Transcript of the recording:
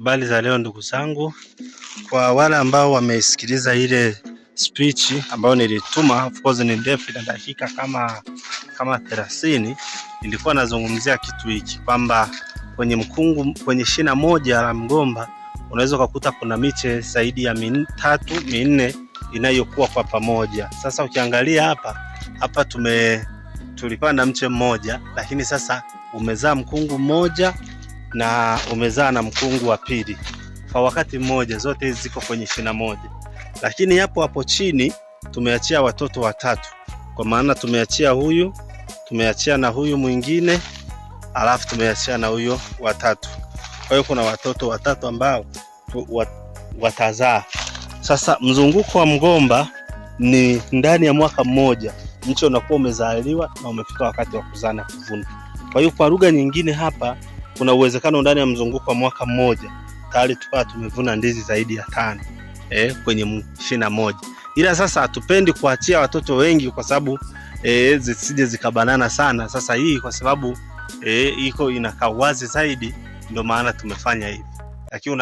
Habari za leo ndugu zangu, kwa wale ambao wamesikiliza ile speech ambayo nilituma, of course ni ndefu na dakika kama kama 30. Nilikuwa nazungumzia kitu hiki kwamba kwenye mkungu, kwenye shina moja la mgomba unaweza ukakuta kuna miche zaidi ya mitatu minne inayokuwa kwa pamoja. Sasa ukiangalia hapa hapa, tume tulipanda mche mmoja, lakini sasa umezaa mkungu mmoja na umezaa na mkungu wa pili kwa wakati mmoja. Zote hizi ziko kwenye shina moja, lakini hapo hapo chini tumeachia watoto watatu, kwa maana tumeachia huyu, tumeachia na huyu mwingine, alafu tumeachia na huyo watatu. Kwa hiyo kuna watoto watatu ambao watazaa. Sasa mzunguko wa mgomba ni ndani ya mwaka mmoja mche unakuwa umezaliwa na umefika wakati wa kuzaa na kuvuna. Kwa hiyo kwa lugha nyingine hapa kuna uwezekano ndani ya mzunguko wa mwaka mmoja tayari tukawa tumevuna ndizi zaidi ya tano eh, kwenye shina moja. Ila sasa hatupendi kuachia watoto wengi kwa sababu eh, zisije zikabanana sana. Sasa hii kwa sababu eh, iko inakaa wazi zaidi, ndio maana tumefanya hivi, lakini